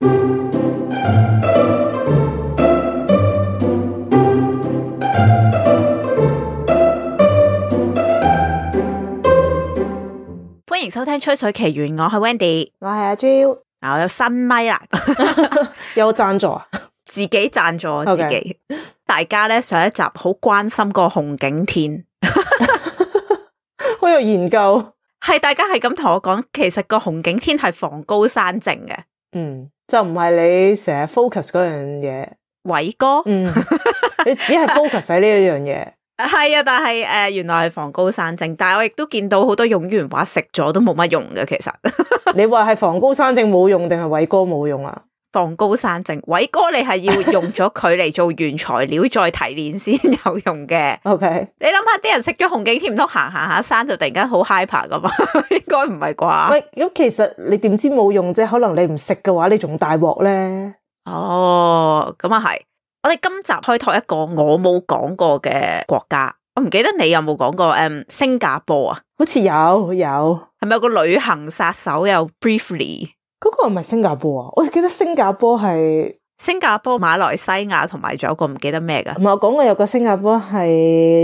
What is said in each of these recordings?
歡迎收聽《吹水奇緣》，我係 Wendy，我係阿蕉，o 嗱，我有新咪啦， 有讚助自己讚助自己？Okay. 大家咧上一集好關心個紅景天， 好有研究。係大家係咁同我講，其實個紅景天係防高山症嘅。嗯。就唔係你成日 focus 嗰樣嘢，偉哥，嗯、 你只係 focus 喺呢一樣嘢，係 啊，但係誒、呃，原來係防高山症，但係我亦都見到好多用完話食咗都冇乜用嘅，其實， 你話係防高山症冇用定係偉哥冇用啊？防高山症，偉哥你係要用咗佢嚟做原材料再提煉先有用嘅。OK，你諗下啲人食咗紅景天唔通行行下山就突然間好 hyper 噶嘛？應該唔係啩？喂，咁其實你點知冇用啫？可能你唔食嘅話你仲大鑊咧。哦，咁啊係。我哋今集開拓一個我冇講過嘅國家，我唔記得你有冇講過。嗯，新加坡啊，好似有有，係咪有個旅行殺手又 briefly？嗰個唔係新加坡啊，我記得新加坡係新加坡、馬來西亞同埋仲有，仲有個唔記得咩嘅。唔係，我講嘅有個新加坡係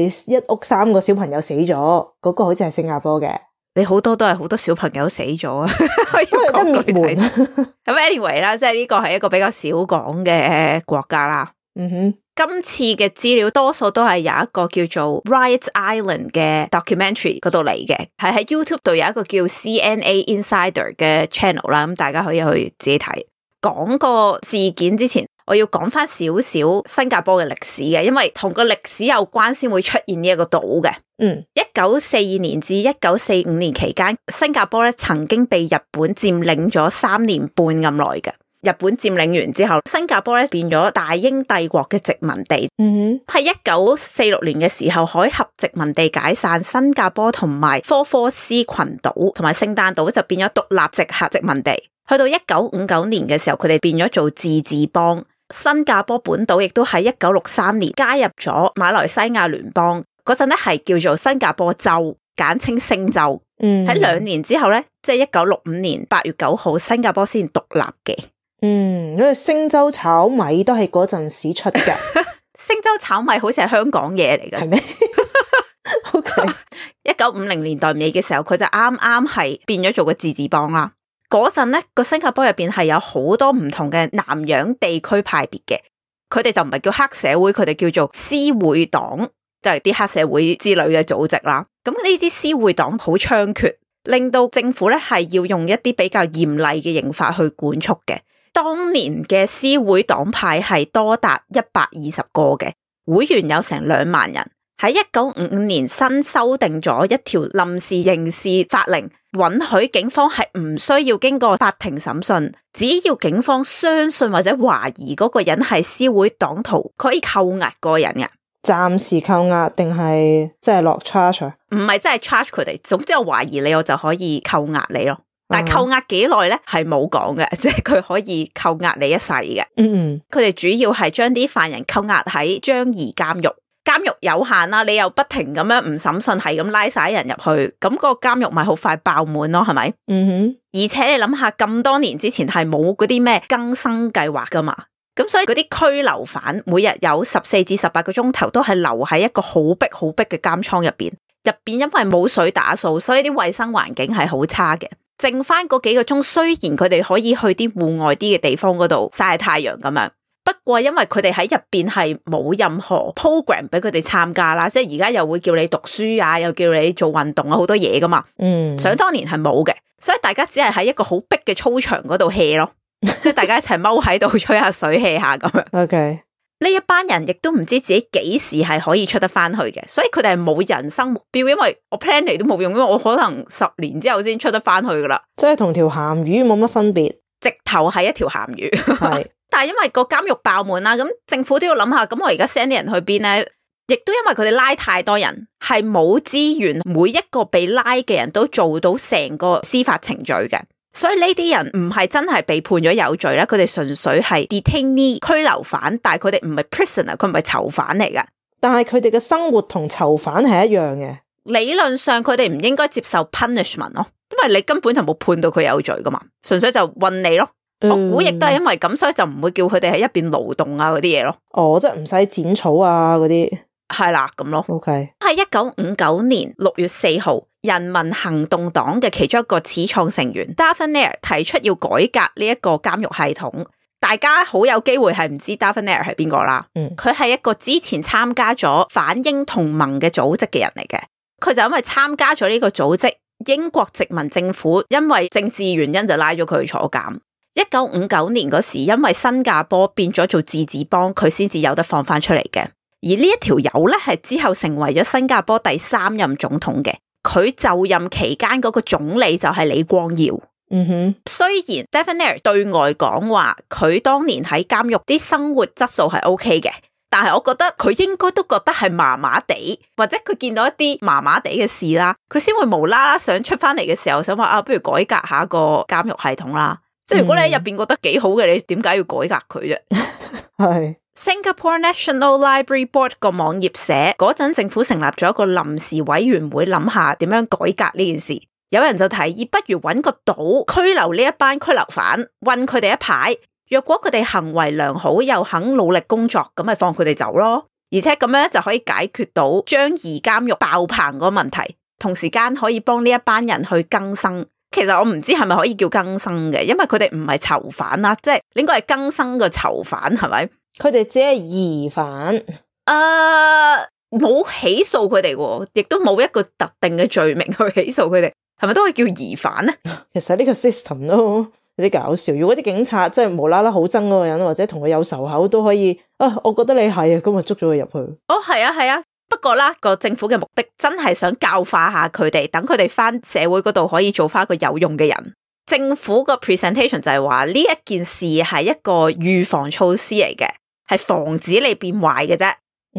一屋三個小朋友死咗，嗰、嗰個好似係新加坡嘅。你好多都係好多小朋友死咗啊，因 我要 都滅門。咁 anyway 啦，即係呢個係一個比較少講嘅國家啦。嗯哼。今次嘅資料多數都係有一個叫做 Riot Island 嘅 documentary 嗰度嚟嘅。係喺 YouTube 度有一個叫 CNA Insider 嘅 channel 啦，咁大家可以去自己睇。講個事件之前，我要講翻少少新加坡嘅歷史嘅，因為同個歷史有關先會出現呢一個島嘅。嗯，一九四二年至一九四五年期間，新加坡咧曾經被日本佔領咗三年半咁耐嘅。日本佔領完之後，新加坡咧變咗大英帝國嘅殖民地。嗯哼、mm，喺一九四六年嘅時候，海峽殖民地解散，新加坡同埋科科斯群島同埋聖誕島就變咗獨立殖，殖民地。去到一九五九年嘅時候，佢哋變咗做自治邦。新加坡本島亦都喺一九六三年加入咗馬來西亞聯邦。嗰陣咧係叫做新加坡州，簡稱星州。嗯、mm，喺、hmm. 兩年之後咧，即係一九六五年八月九號，新加坡先獨立嘅。嗯，因為星洲炒米都係嗰陣時出嘅， 星洲炒米好似係香港嘢嚟嘅，係咩？好嘅，一九五零年代尾嘅時候，佢就啱啱係變咗做個自治邦啦。嗰陣咧，個新加坡入邊係有好多唔同嘅南洋地區派別嘅，佢哋就唔係叫黑社會，佢哋叫做私會黨，就係啲黑社會之類嘅組織啦。咁呢啲私會黨好猖獗，令到政府咧係要用一啲比較嚴厲嘅刑法去管束嘅。當年嘅私會黨派系多達一百二十個嘅，會員有成兩萬人。喺一九五五年新修訂咗一條臨時刑事法令，允許警方係唔需要經過法庭審訊，只要警方相信或者懷疑嗰個人係私會黨徒，可以扣押個人嘅。暫時扣押定係即係落 charge？唔係，即係 charge 佢哋。總之，我懷疑你，我就可以扣押你咯。但係扣押幾耐咧，係冇講嘅，即係佢可以扣押你一世嘅。嗯、mm，佢、hmm. 哋主要係將啲犯人扣押喺樟宜監獄，監獄有限啦，你又不停咁樣唔審訊，係咁拉晒人入去，咁個監獄咪好快爆滿咯？係咪？嗯哼、mm。Hmm. 而且你諗下，咁多年之前係冇嗰啲咩更生計劃噶嘛？咁所以嗰啲拘留犯每日有十四至十八個鐘頭都係留喺一個好逼好逼嘅監倉入邊，入邊因為冇水打掃，所以啲衛生環境係好差嘅。剩翻嗰幾個鐘，雖然佢哋可以去啲戶外啲嘅地方嗰度曬太陽咁樣，不過因為佢哋喺入邊係冇任何 program 俾佢哋參加啦，即係而家又會叫你讀書啊，又叫你做運動啊，好多嘢噶嘛。嗯，想當年係冇嘅，所以大家只係喺一個好逼嘅操場嗰度 hea 咯，即係大家一齊踎喺度吹下水 hea 下咁樣。 OK。呢一班人亦都唔知自己幾時係可以出得翻去嘅，所以佢哋係冇人生目標，因為我 plan 嚟都冇用，因為我可能十年之後先出得翻去噶啦，即係同條鹹魚冇乜分別，直頭係一條鹹魚。係 是，但係因為個監獄爆滿啦，咁政府都要諗下，咁我而家 send 啲人去邊咧？亦都因為佢哋拉太多人，係冇資源，每一個被拉嘅人都做到成個司法程序嘅。所以呢啲人唔係真係被判咗有罪咧，佢哋純粹係 detainee 拘留犯，但係佢哋唔係 prisoner，佢唔係囚犯嚟噶。但係佢哋嘅生活同囚犯係一樣嘅。理論上佢哋唔應該接受 punishment 咯，因為你根本就冇判到佢有罪噶嘛，純粹就困你咯。嗯，我估亦都係因為咁，所以就唔會叫佢哋喺一邊勞動啊嗰啲嘢咯。哦，即係唔使剪草啊嗰啲，係啦咁咯。OK，係一九五九年六月四號。人民行動黨嘅其中一個始創成員 Devan Nair 提出要改革呢一個監獄系統，大家好有機會係唔知 Devan Nair 係邊個啦。嗯、mm，佢、hmm. 係一個之前參加咗反英同盟嘅組織嘅人嚟嘅，佢就因為參加咗呢個組織，英國殖民政府因為政治原因就拉咗佢去坐監。一九五九年嗰時，因為新加坡變咗做自治邦，佢先至有得放翻出嚟嘅。而呢一條友咧，係之後成為咗新加坡第三任總統嘅。佢就任期間嗰個總理就係李光耀。嗯哼、mm，hmm. 雖然 Devan Nair 對外講話，佢當年喺監獄啲生活質素係 OK 嘅，但係我覺得佢應該都覺得係麻麻地，或者佢見到一啲麻麻地嘅事啦，佢先會無啦啦想出翻嚟嘅時候想話啊，不如改革下個監獄系統啦。即係如果你喺入邊覺得幾好嘅，你點解要改革佢啫？係、mm。Hmm. Singapore National Library Board 個網頁寫嗰陣，政府成立咗一個臨時委員會，諗下點樣改革呢件事。有人就提議，不如揾個島拘留呢一班拘留犯，困佢哋一排。若果佢哋行為良好，又肯努力工作，咁咪放佢哋走咯。而且咁樣就可以解決到將疑監獄爆棚個問題，同時間可以幫呢一班人去更生。其實我唔知係咪可以叫更生嘅，因為佢哋唔係囚犯啦，即係應該係更生個囚犯，係咪？佢哋只係疑犯，誒，冇起訴佢哋，啊，亦都冇一個特定嘅罪名去起訴佢哋，係咪都可以叫疑犯咧？其實呢個 system 都有啲搞笑。如果啲警察真係無啦啦好憎嗰個人，或者同佢有仇口，都可以啊，我覺得你係，哦，啊，咁咪捉咗佢入去。哦，係啊，係啊，不過啦，個政府嘅目的真係想教化下佢哋，等佢哋翻社會嗰度可以做翻一個有用嘅人。政府個 presentation 就係話呢一件事係一個預防措施嚟嘅。係防止你變壞嘅啫，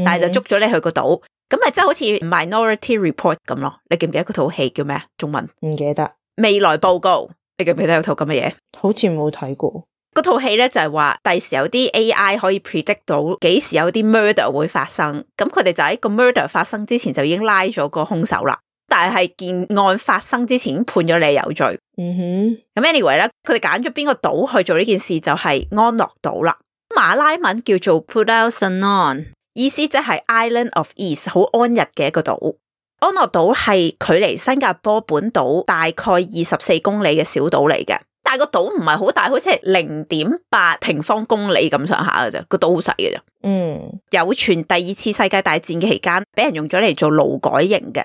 但係就捉咗你去個島，咁咪真係好似 Minority Report 咁咯？你記唔記得嗰套戲叫咩？中文？唔記得。未來報告，你記唔記得有套咁嘅嘢？好似冇睇過。嗰套戲咧就係話第時有啲 AI 可以 predict 到幾時有啲 murder 會發生，咁佢哋就喺個 murder 發生之前就已經拉咗個兇手啦。但係件案發生之前判咗你有罪。嗯哼、mm。咁、hmm. anyway 咧，佢哋揀咗邊個島去做呢件事就係、是、安樂島啦。馬拉文叫做 Pulau Senang，意思即係 Island of Ease，好安逸嘅一個島。安樂島係距離新加坡本島大概二十四公里嘅小島嚟嘅，但係個島唔係好大，好似係零點八平方公里咁上下嘅啫，個島好細嘅啫。嗯，mm. 有傳第二次世界大戰嘅期間，俾人用咗嚟做勞改營嘅，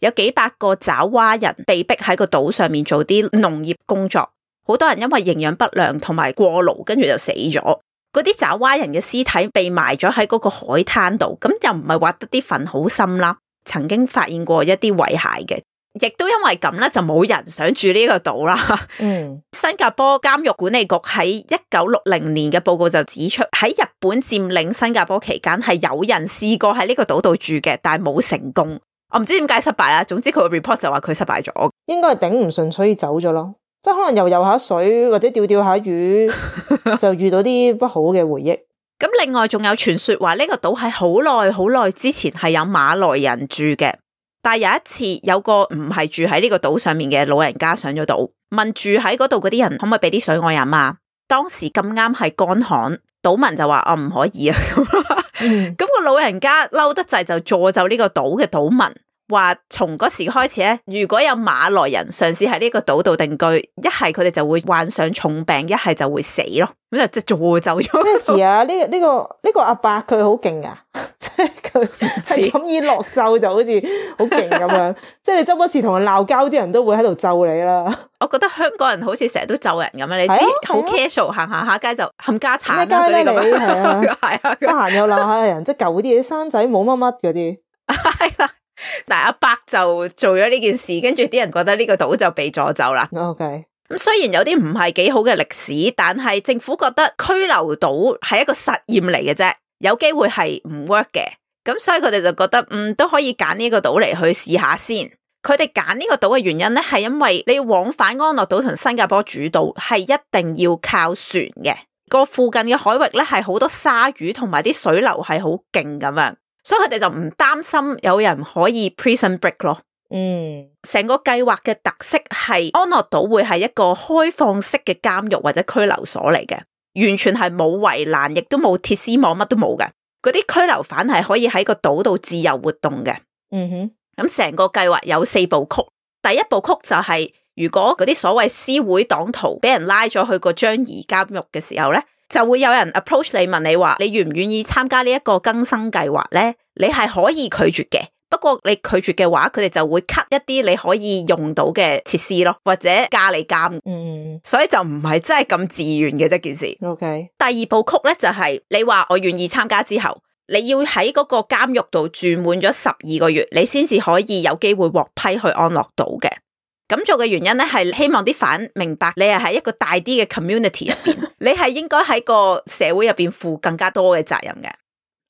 有幾百個爪哇人被逼喺個島上面做啲農業工作，好多人因為營養不良同埋過勞，跟住就死咗。嗰啲爪哇人嘅屍體被埋咗喺嗰個海灘度，咁又唔係挖得啲墳好深啦。曾經發現過一啲遺骸嘅，亦都因為咁咧就冇人想住呢個島啦。嗯，新加坡監獄管理局喺一九六零年嘅報告就指出，喺日本佔領新加坡期間係有人試過喺呢個島度住嘅，但係冇成功。我唔知點解失敗啦，總之佢個 report 就話佢失敗咗，應該係頂唔順所以走咗咯。即係可能游游下水或者釣釣下魚，就遇到啲不好嘅回憶。咁 另外仲有傳說話呢、這個島係好耐好耐之前係有馬來人住嘅，但係有一次有個唔係住喺呢個島上面嘅老人家上咗島，問住喺嗰度嗰啲人可唔可以俾啲水我飲啊？當時咁啱係乾旱，島民就話哦，唔可以啊。咁 個老人家嬲得滯就助就呢個島嘅島民。話從嗰時開始咧，如果有馬來人嘗試喺呢個島度定居，一係佢哋就會患上重病，一係就會死咯。咁就即係助咒咗。咩事啊？呢呢個呢個阿伯佢好勁㗎，即係佢係咁易落咒就好似好勁咁樣。即係你周不時同人鬧交，啲人都會喺度咒你啦。我覺得香港人好似成日都咒人咁樣，你知好 casual 行下下街就冚家鏟啦嗰啲，係啊，係啊，得閒又鬧下人，即係舊啲嘢，生仔冇乜乜嗰啲，係啦。但阿伯就做咗呢件事，跟住啲人覺得呢個島就被詛咒啦。咁 Okay. 雖然有啲唔係幾好嘅歷史，但係政府覺得拘留島係一個實驗嚟嘅啫，有機會係唔 work 嘅。咁所以佢哋就覺得，嗯，都可以揀呢個島嚟去試下先。佢哋揀呢個島嘅原因咧，係因為你往返安樂島同新加坡主島係一定要靠船嘅。個附近嘅海域咧係好多鯊魚，同埋啲水流係好勁咁樣。所以佢哋就唔擔心有人可以 prison break 咯。嗯，成個計劃嘅特色係安樂島會係一個開放式嘅監獄或者拘留所嚟嘅，完全係冇圍欄，亦都冇鐵絲網，乜都冇嘅。嗰啲拘留犯係可以喺個島度自由活動嘅。嗯哼，咁成個計劃有四部曲，第一部曲就係如果嗰啲所謂私會黨徒俾人拉咗去個樟宜監獄嘅時候咧。就會有人 approach 你問你話，你願唔願意參加呢一個更生計劃咧？你係可以拒絕嘅，不過你拒絕嘅話，佢哋就會 cut 一啲你可以用到嘅設施咯，或者加你監，嗯，所以就唔係真係咁自願嘅一件事。OK，第二部曲咧就係你話我願意參加之後，你要喺嗰個監獄度住滿咗十二個月，你先至可以有機會獲批去安樂島嘅。咁做嘅原因咧，係希望啲犯明白你係喺一個大啲嘅 community 入邊，你係應該喺個社會入邊負更加多嘅責任嘅。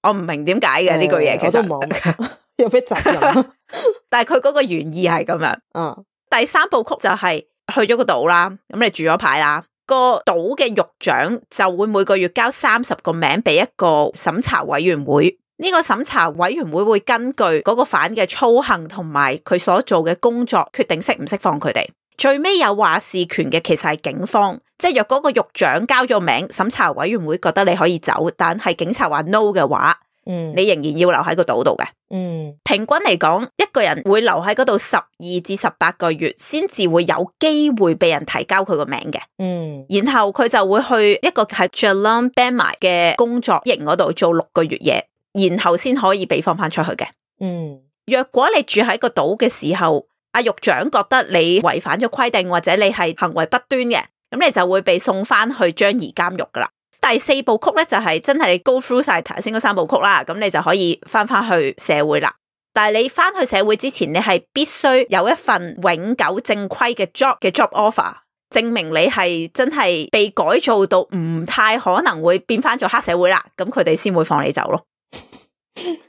我唔明點解嘅呢句嘢，我都冇嘅。有咩責任？ 但係佢嗰個原意係咁樣，嗯。嗯。第三部曲就係、是、去咗個島啦，咁你住咗排啦，個島嘅獄長就會每個月交三十個名俾一個審查委員會。呢個審查委員會會根據嗰個犯嘅操行同埋佢所做嘅工作，決定釋唔釋放佢哋。最尾有話事權嘅其實係警方，即係若嗰個獄長交咗名，審查委員會覺得你可以走，但係警察話 no 嘅話，嗯，你仍然要留喺個島度嘅。嗯，平均嚟講，一個人會留喺嗰度十二至十八個月，先至會有機會被人提交佢個名嘅。嗯，然後佢就會去一個喺 Jalan Ban 埋嘅工作營嗰度做六個月嘢。然後先可以被放翻出去嘅。嗯，若果你住喺個島嘅時候，阿獄長覺得你違反咗規定，或者你係行為不端嘅，咁你就會被送翻去樟宜監獄噶啦。第四部曲咧就係、是、真係你 go through 晒頭先嗰三部曲啦，咁你就可以翻翻去社會啦。但係你翻去社會之前，你係必須有一份永久正規嘅 job 嘅 job offer，證明你係真係被改造到唔太可能會變翻做黑社會啦，咁佢哋先會放你走咯。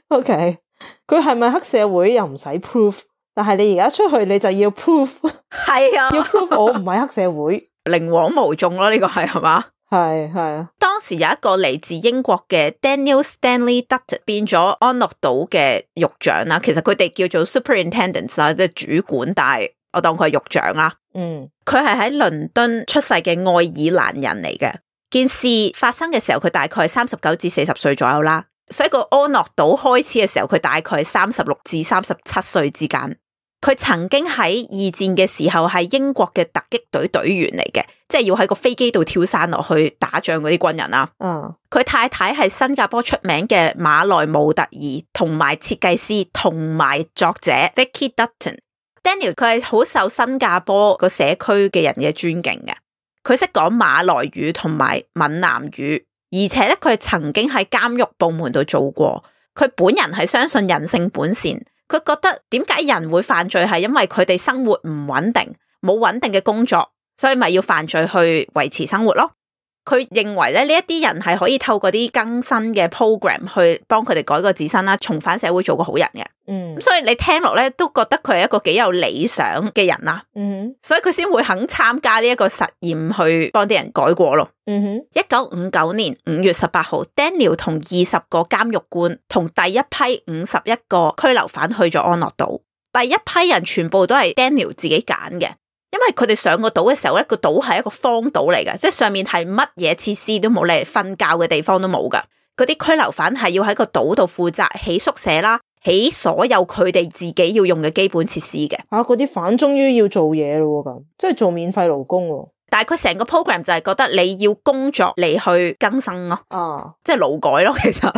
O K，佢係咪黑社會又唔使 proof？但係你而家出去，你就要 proof。係啊，要 proof 我唔係黑社會，寧 枉無縱咯。呢個係係嘛？係係啊。這個、 啊，當時有一個嚟自英國嘅 Daniel Stanley Dutton 變咗安樂島嘅獄長啦。其實佢哋叫做 superintendent 啦，即係主管。但係我當佢係獄長啦。嗯，佢係喺倫敦出世嘅愛爾蘭人嚟嘅。件事發生嘅時候，佢大概三十九至四十歲左右啦。所以個安樂島開始嘅時候，佢大概三十六至三十七歲之間。佢曾經喺二戰嘅時候係英國嘅突擊隊隊員嚟嘅，即係要喺個飛機度跳傘落去打仗嗰啲軍人啊。嗯，佢太太係新加坡出名嘅馬來模特兒同埋設計師同埋作者 Vicky Dutton。Daniel，佢係好受新加坡個社區嘅人嘅尊敬嘅。佢識講馬來語同埋閩南語。而且咧，佢曾經喺監獄部門度做過，佢本人係相信人性本善，佢覺得點解人會犯罪係因為佢哋生活唔穩定，冇穩定嘅工作，所以咪要犯罪去維持生活咯。佢認為咧，呢一啲人係可以透過啲更新嘅 program 去幫佢哋改個自身啦，重返社會做個好人嘅。嗯、mm，咁、hmm. 所以你聽落咧都覺得佢係一個幾有理想嘅人啦、啊。嗯、mm，hmm. 所以佢先會肯參加呢一個實驗去幫啲人改過咯。嗯哼、mm，一九五九年五月十八號，Daniel 同二十個監獄官同第一批五十一個拘留犯去咗安樂島，第一批人全部都係 Daniel 自己揀嘅。因為佢哋上個島嘅時候咧，個島係一個荒島嚟嘅，即係上面係乜嘢設施都冇，你瞓覺嘅地方都冇噶。嗰啲拘留犯係要喺個島度負責起宿舍啦，起所有佢哋自己要用嘅基本設施嘅。吓、啊，嗰啲犯終於要做嘢咯咁，即係做免費勞工。但係佢成個 program 就係覺得你要工作嚟去更生咯，哦、啊，即係勞改咯，其實。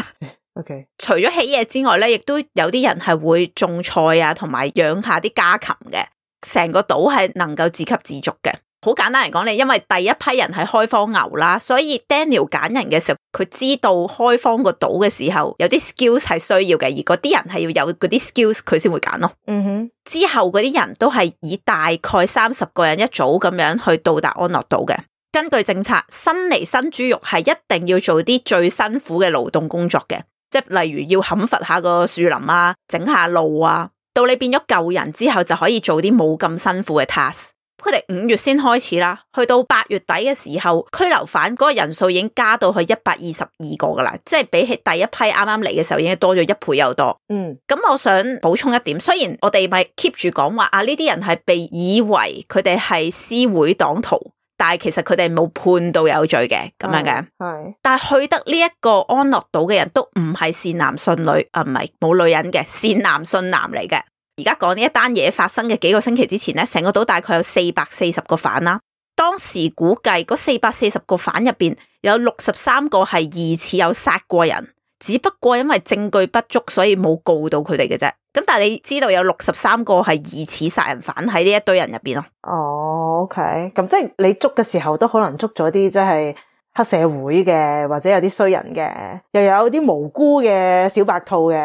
OK，除咗起嘢之外咧，亦都有啲人係會種菜啊，同埋養下啲家禽嘅。成個島係能夠自給自足嘅，好簡單嚟講你因為第一批人係開荒牛啦，所以 Daniel 揀人嘅時候，佢知道開荒個島嘅時候有啲 skills 係需要嘅，而嗰啲人係要有嗰啲 skills，佢先會揀咯。嗯哼，之後嗰啲人都係以大概三十個人一組咁樣去到達安樂島嘅。根據政策，新嚟新豬肉係一定要做啲最辛苦嘅勞動工作嘅，即係例如要砍伐下個樹林啊，整下路啊。到你變咗舊人之後，就可以做啲冇咁辛苦嘅 task。佢哋五月先開始啦，去到八月底嘅時候，拘留犯嗰個人數已經加到去一百二十二個噶啦，即係比起第一批啱啱嚟嘅時候，已經多咗一倍又多。嗯，咁我想補充一點，雖然我哋咪 keep 住講話啊，呢啲人係被以為佢哋係私會黨徒。但係其實佢哋冇判到有罪嘅，咁樣嘅。係，但係去得呢一個安樂島嘅人都唔係善男信女，啊唔係冇女人嘅，善男信男嚟嘅。而家講呢一單嘢發生嘅幾個星期之前咧，成個島大概有四百四十個犯啦。當時估計嗰四百四十個犯入邊有六十三個係疑似有殺過人，只不過因為證據不足，所以冇告到佢哋嘅啫。咁但係你知道有六十三個係疑似殺人犯喺呢一堆人入邊咯。哦。Oh. O K，咁即係你捉嘅時候都可能捉咗啲即係黑社會嘅，或者有啲衰人嘅，又有啲無辜嘅小白兔嘅。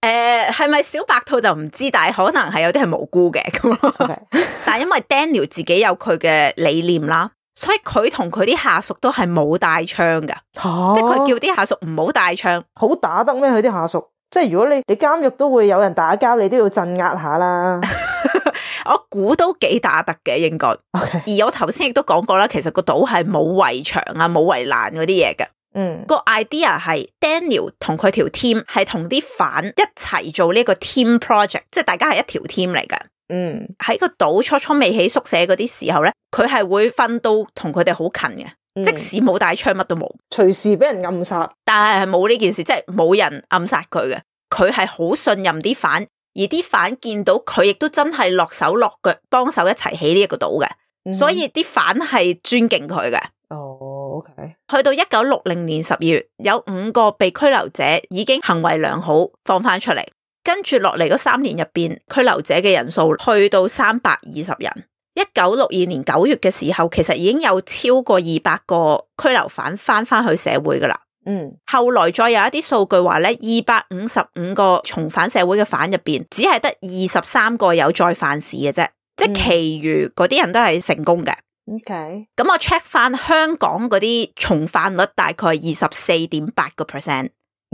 誒，係咪小白兔就唔知，但係可能係有啲係無辜嘅。咁 ，Okay. 但係因為 Daniel 自己有佢嘅理念啦，所以佢同佢啲下屬都係冇帶槍嘅，啊、即係佢叫啲下屬唔好帶槍， 好打得咩？佢啲下屬，即係如果你你監獄都會有人打交，你都要鎮壓下啦。 我估都幾打得嘅，應該。Okay. 而我頭先亦都講過啦，其實個島係冇圍牆啊，冇圍欄嗰啲嘢嘅。嗯，個 idea 係 Daniel 同佢條 team 係同啲反一齊做呢個 team project，即係大家係一條 team 嚟嘅。嗯，喺個島初初未起宿舍嗰啲時候咧，佢係會分到同佢哋好近嘅，嗯、即使冇帶槍，乜都冇，隨時俾人暗殺，但係係冇呢件事，即係冇人暗殺佢嘅，佢係好信任啲反。而啲犯見到佢亦都真係落手落腳幫手一齊起呢一個島嘅，嗯、所以啲犯係尊敬佢嘅。哦，OK。去到一九六零年十二月，有五個被拘留者已經行為良好放，放翻出嚟。跟住落嚟嗰三年入邊，拘留者嘅人數去到三百二十人。一九六二年九月嘅時候，其實已經有超過二百個拘留犯翻翻去社會噶啦。嗯，後來再有一啲數據話咧，二百五十五個重返社會嘅犯入邊，只係得二十三個有再犯事嘅啫，即係其餘嗰啲人都係成功嘅。OK，咁我 check 翻香港嗰啲重犯率大概二十四點八個 percent，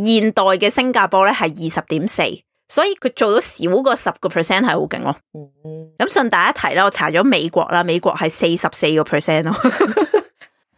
現代嘅新加坡咧係二十點四，所以佢做到少個十個 percent 係好勁咯。咁順帶一提啦，我查咗美國啦，美國係四十四個 percent 咯。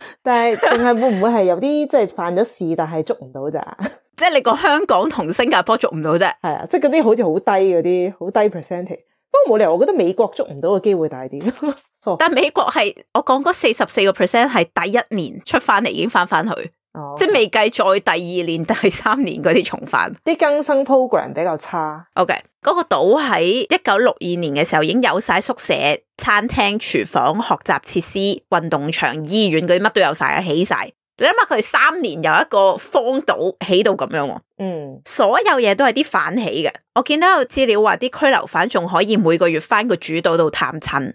但係，仲係會唔會係有啲即係犯咗事，但係捉唔到咋？ 即係你講香港同新加坡捉唔到啫，係啊，即係嗰啲好似好低嗰啲，好低 percent。不過冇理由，我覺得美國捉唔到嘅機會大啲。 so, 但係美國係我講嗰四十四個 percent 係第一年出翻嚟已經翻翻去，哦、即係未計再第二年、第三年嗰啲重犯。啲更生 program 比較差。OK。嗰個島喺一九六二年嘅時候已經有晒宿舍、餐廳、廚房、學習設施、運動場、醫院嗰啲，乜都有晒，起晒。你諗下，佢三年由一個荒島起到咁樣，嗯，所有嘢都係啲反起嘅。我見到有資料話，啲拘留犯仲可以每個月翻個主島度探親。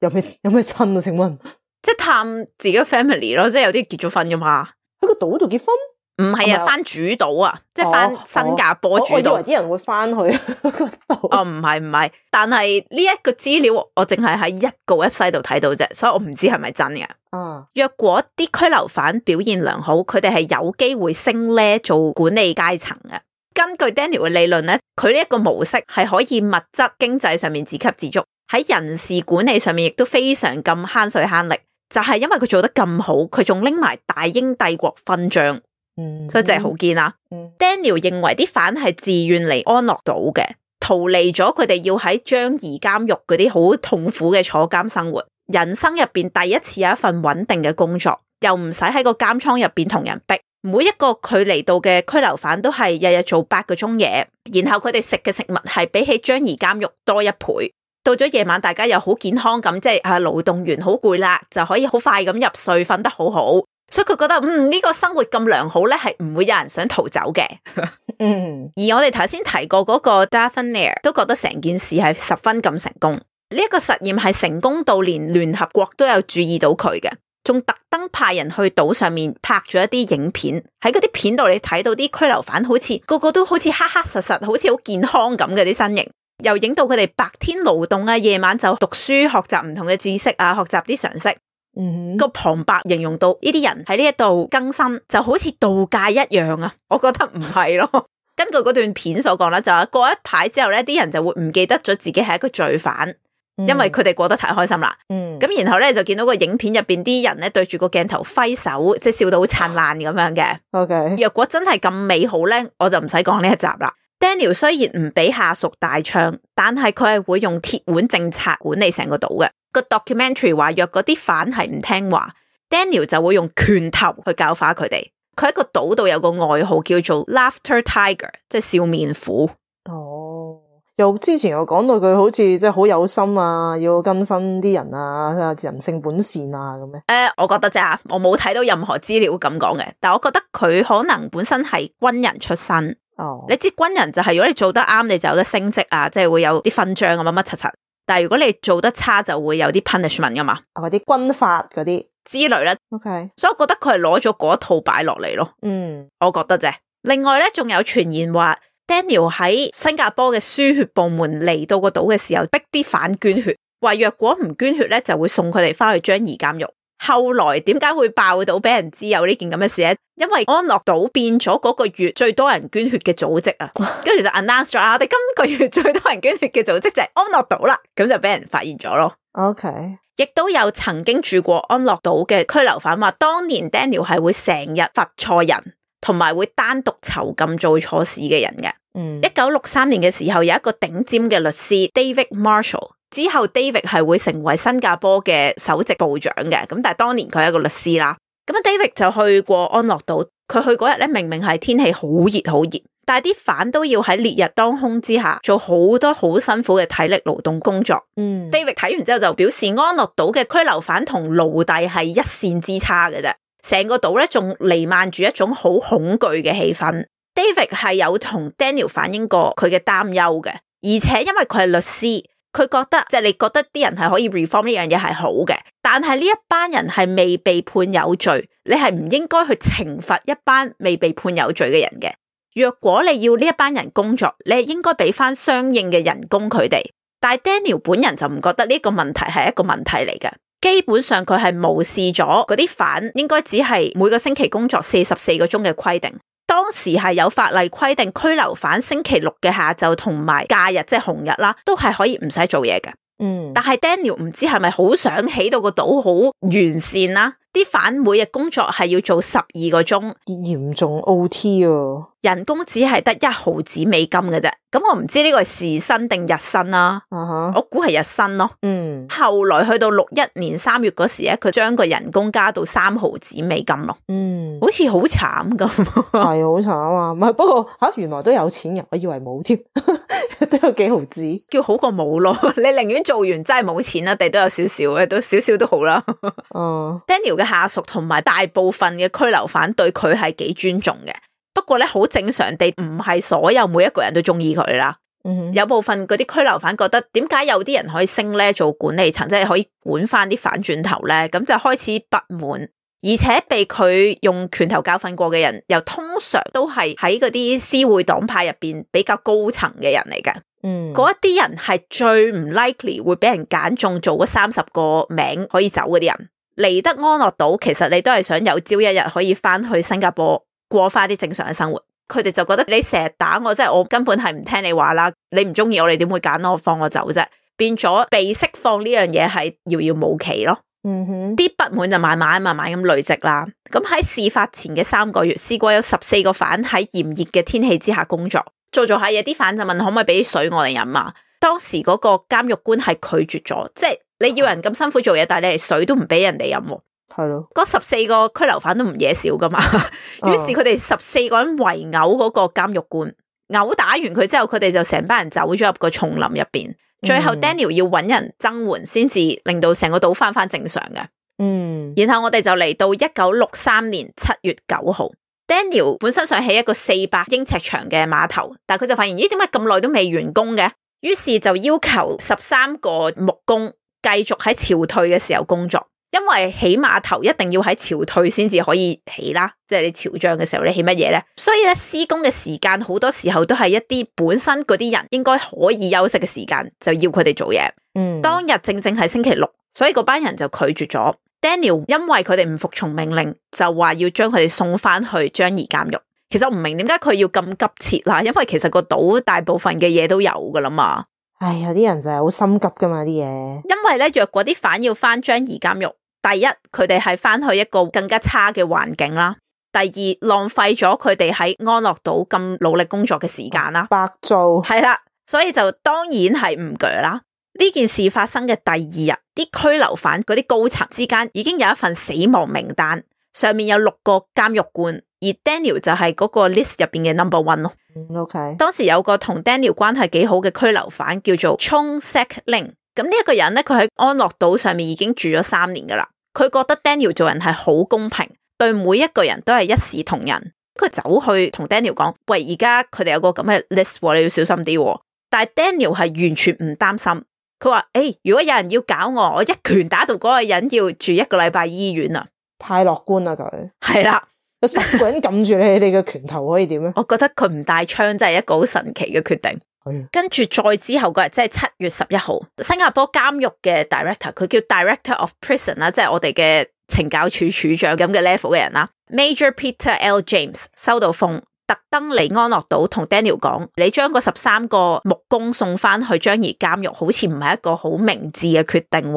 有咩有咩親啊？請問，即係探自己 family 咯，即係有啲結咗婚噶嘛？喺個島度結婚？唔係啊，翻是主島啊，哦、即係翻新加坡、哦、主島島。我以為啲人會翻去啊， 哦唔係唔係，但係呢一個資料我淨係喺一個 website 度睇到啫，所以我唔知係咪真嘅。哦，若果啲拘留犯表現良好，佢哋係有機會升呢做管理階層嘅。根據 Daniel 嘅理論咧，佢呢一個模式係可以物質經濟上面自給自足，喺人事管理上面亦都非常咁慳水慳力。就係、是、因為佢做得咁好，佢仲拎埋大英帝國勳章。所以就係好堅啦。Daniel 認為啲犯係自願嚟安樂島嘅，逃離咗佢哋要喺樟宜監獄嗰啲好痛苦嘅坐監生活。人生入邊第一次有一份穩定嘅工作，又唔使喺個監倉入邊同人逼。每一個佢嚟到嘅拘留犯都係日日做八個鐘嘢，然後佢哋食嘅食物係比起樟宜監獄多一倍。到咗夜晚，大家又好健康咁，即係啊，勞動完好攰啦，就可以好快咁入睡，瞓得好好。所以佢覺得嗯呢個生活咁良好咧，係唔會有人想逃走嘅。嗯， 而我哋頭先提過嗰個 Daphne 都覺得成件事係十分咁成功。呢一個實驗係成功到連聯合國都有注意到佢嘅，仲特登派人去島上面拍咗一啲影片。喺嗰啲片度，你睇到啲拘留犯好似個個都好似黑黑實實，好似好健康咁嘅啲身形，又影到佢哋白天勞動啊，夜晚就讀書學習唔同嘅知識啊，學習啲常識。個、嗯、旁白形容到呢啲人喺呢一度更新就好似度假一樣啊，我覺得唔係咯。 根據嗰段片所講咧，就過一排之後咧，啲人就會唔記得咗自己係一個罪犯，嗯、因為佢哋過得太開心啦。嗯，咁然後咧就見到個影片入邊啲人咧對住個鏡頭揮手，即係笑到好燦爛咁樣嘅。OK，若 果真係咁美好咧，我就唔使講呢一集啦。Daniel 雖然唔俾下屬大唱，但係佢係會用鐵腕政策管理成個島嘅。個 documentary 話若嗰啲犯係唔聽話，Daniel 就會用拳頭去教化佢哋。佢喺個島度有個外號叫做 Laughter Tiger，即係笑面虎。哦，又之前又講到佢好似即係好有心啊，要更生啲人啊，人性本善啊咁樣。誒，uh, 我覺得啫吓，我冇睇到任何資料咁講嘅，但我覺得佢可能本身係軍人出身。哦，oh. 你知軍人就係如果你做得啱，你就有得升職啊，即、就、係、是、會有啲勳章咁乜乜柒柒。但係如果你做得差，就會有啲 punishment 㗎嘛，嗰啲、oh, 軍法嗰啲之類啦。OK，所以我覺得佢係攞咗嗰套擺落嚟咯。嗯，mm. 我覺得啫。另外咧，仲有傳言話，Daniel 喺新加坡嘅輸血部門嚟到個島嘅時候，逼啲犯捐血，話若果唔捐血咧，就會送佢哋翻去樟宜監獄。後來點解會爆到俾人知有呢件咁嘅事咧？因為安樂島變咗嗰個月最多人捐血嘅組織啊，跟住就 announce 咗啊，我哋今個月最多人捐血嘅組織就係安樂島啦，咁就俾人發現咗咯。OK，亦都有曾經住過安樂島嘅拘留犯話，當年 Daniel 係會成日罰錯人，同埋會單獨囚禁做錯事嘅人嘅。嗯，一九六三年嘅時候有一個頂尖嘅律師 David Marshall。之後，David 係會成為新加坡嘅首席部長嘅。咁但係當年佢係一個律師啦。咁啊，David 就去過安樂島。佢去嗰日咧，明明係天氣好熱好熱，但係啲犯都要喺烈日當空之下做好多好辛苦嘅體力勞動工作。嗯，David 睇完之後就表示，安樂島嘅拘留犯同奴隸係一線之差嘅啫。成個島咧，仲彌漫住一種好恐懼嘅氣氛。David 係有同 Daniel 反映過佢嘅擔憂嘅，而且因為佢係律師。佢覺得即係、就是、你覺得啲人係可以 reform 呢樣嘢係好嘅，但係呢一班人係未被判有罪，你係唔應該去懲罰一班未被判有罪嘅人嘅。若果你要呢一班人工作，你係應該俾翻相應嘅人工佢哋。但係 Daniel 本人就唔覺得呢個問題係一個問題嚟嘅，基本上佢係無視咗嗰啲犯，應該只係每個星期工作四十四個鐘嘅規定。當時係有法例規定，拘留犯星期六嘅下晝同埋假日，即係紅日啦，都係可以唔使做嘢嘅。嗯，但係 Daniel 唔知係咪好想起到個島好完善啦，啊？啲反每日工作係要做十二個鐘，嚴重 OT 哦、啊。人工只係得一毫子美金嘅啫。咁我唔知呢個時薪定日薪啦、啊。Uh huh. 我估係日薪咯。嗯，後來去到六一年三月嗰時咧，佢將個人工加到三毫子美金咯。嗯，好似好慘咁。係好慘啊！不，不過吓原來都有錢人，我以為冇添。 都 有幾毫子，叫好過冇咯。 你寧願做完真係冇錢啦、啊，地都有少少嘅，都少少都好啦。嗯，Daniel 嘅下屬同埋大部分嘅拘留犯對佢係幾尊重嘅，不過咧好正常地，唔係所有每一個人都中意佢啦。Mm hmm. 有部分嗰啲拘留犯覺得，點解有啲人可以升咧做管理層，即係可以管翻啲反轉頭咧，咁就開始不滿。而且被佢用拳頭教訓過嘅人，又通常都係喺嗰啲私會黨派入邊比較高層嘅人嚟嘅。嗯，嗰一啲人係最唔 likely 會俾人揀中做嗰三十個名可以走嗰啲人嚟得安樂島。其實你都係想有朝一日可以翻去新加坡過翻啲正常嘅生活。佢哋就覺得你成日打我，即係我根本係唔聽你話啦。你唔中意我，你點會揀我，我放我走啫？變咗被釋放呢樣嘢係遙遙無期咯。嗯哼，啲不滿就慢慢慢慢咁累積啦。咁喺事發前嘅三個月，試過有十四個犯喺炎熱嘅天氣之下工作，做做下嘢，啲犯就問可唔可以俾啲水我哋飲啊？當時嗰個監獄官係拒絕咗，即係你要人咁辛苦做嘢，但係你水都唔俾人哋飲，係咯的？嗰十四個拘留犯都唔惹少噶嘛，於 是佢哋十四個人圍毆嗰個監獄官，毆打完佢之後，佢哋就成班人走咗入個叢林入邊。最後 Daniel 要搵人增援，先至令到成個島返返正常嘅。嗯，然後我哋就嚟到一九六三年七月九號，Daniel 本身想起一個四百英尺長嘅碼頭，但佢就發現咦，點解咁耐都未完工嘅？於是就要求十三個木工繼續喺潮退嘅時候工作。因為起碼頭一定要喺潮退先至可以起啦，即係你潮漲嘅時候咧起乜嘢咧，所以咧施工嘅時間好多時候都係一啲本身嗰啲人應該可以休息嘅時間，就要佢哋做嘢。嗯，當日正正係星期六，所以嗰班人就拒絕咗。Daniel 因為佢哋唔服從命令，就話要將佢哋送翻去樟宜監獄。其實我唔明點解佢要咁急切啦，因為其實個島大部分嘅嘢都有噶啦嘛。唉，有啲人就係好心急噶嘛啲嘢。因為咧，若果啲犯要翻樟宜監獄。第一，佢哋係翻去一個更加差嘅環境啦；第二，浪費咗佢哋喺安樂島咁努力工作嘅時間啦。白做係啦，所以就當然係唔鋸啦。呢件事發生嘅第二日，啲拘留犯嗰啲高層之間已經有一份死亡名單，上面有六個監獄官，而 Daniel 就係嗰個 list 入邊嘅 number one 咯。嗯，OK。當時有個同 Daniel 關係幾好嘅拘留犯叫做 Chong Sek Ling，咁呢一個人咧，佢喺安樂島上面已經住咗三年噶啦。佢覺得 Daniel 做人係好公平，對每一個人都係一視同仁。佢走去同 Daniel 講：喂，而家佢哋有個咁嘅 list，你要小心啲。但係 Daniel 係完全唔擔心。佢話：誒、欸，如果有人要搞我，我一拳打到嗰個人要住一個禮拜醫院啊！太樂觀啦佢。係啦，有十個人撳住你，你嘅拳頭可以點咧？我覺得佢唔帶槍真係一個好神奇嘅決定。跟住再之後嗰日，即係七月十一號，新加坡監獄嘅 director，佢叫 director of prison 啦，即係我哋嘅懲教處處長咁嘅 level 嘅人啦，Major Peter L. James 收到風特登嚟安樂島同 Daniel 講，你將嗰十三個木工送翻去樟宜監獄，好似唔係一個好明智嘅決定。